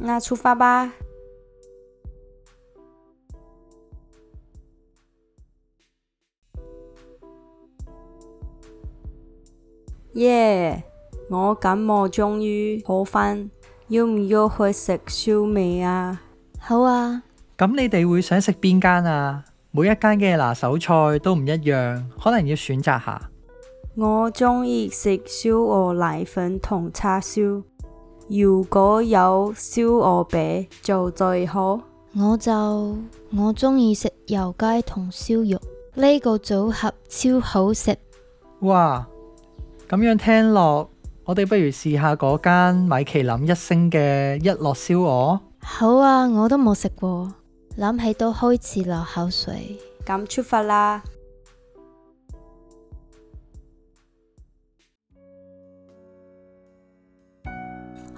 那出發吧！耶，yeah, 我感冒終於好翻，要唔要去食燒味啊？好啊，咁你哋會想食邊間啊？每一間嘅拿手菜都唔一樣，可能要選擇下。我鍾意食燒鵝、瀨粉同叉燒。如果有燒鵝餅就最好，我就我鍾意食油雞同燒肉，呢個組合超好食哇！咁樣聽落，我哋不如試下嗰間米其林一星嘅一樂燒鵝。好啊，我都冇食過，諗起都開始流口水。咁出發啦！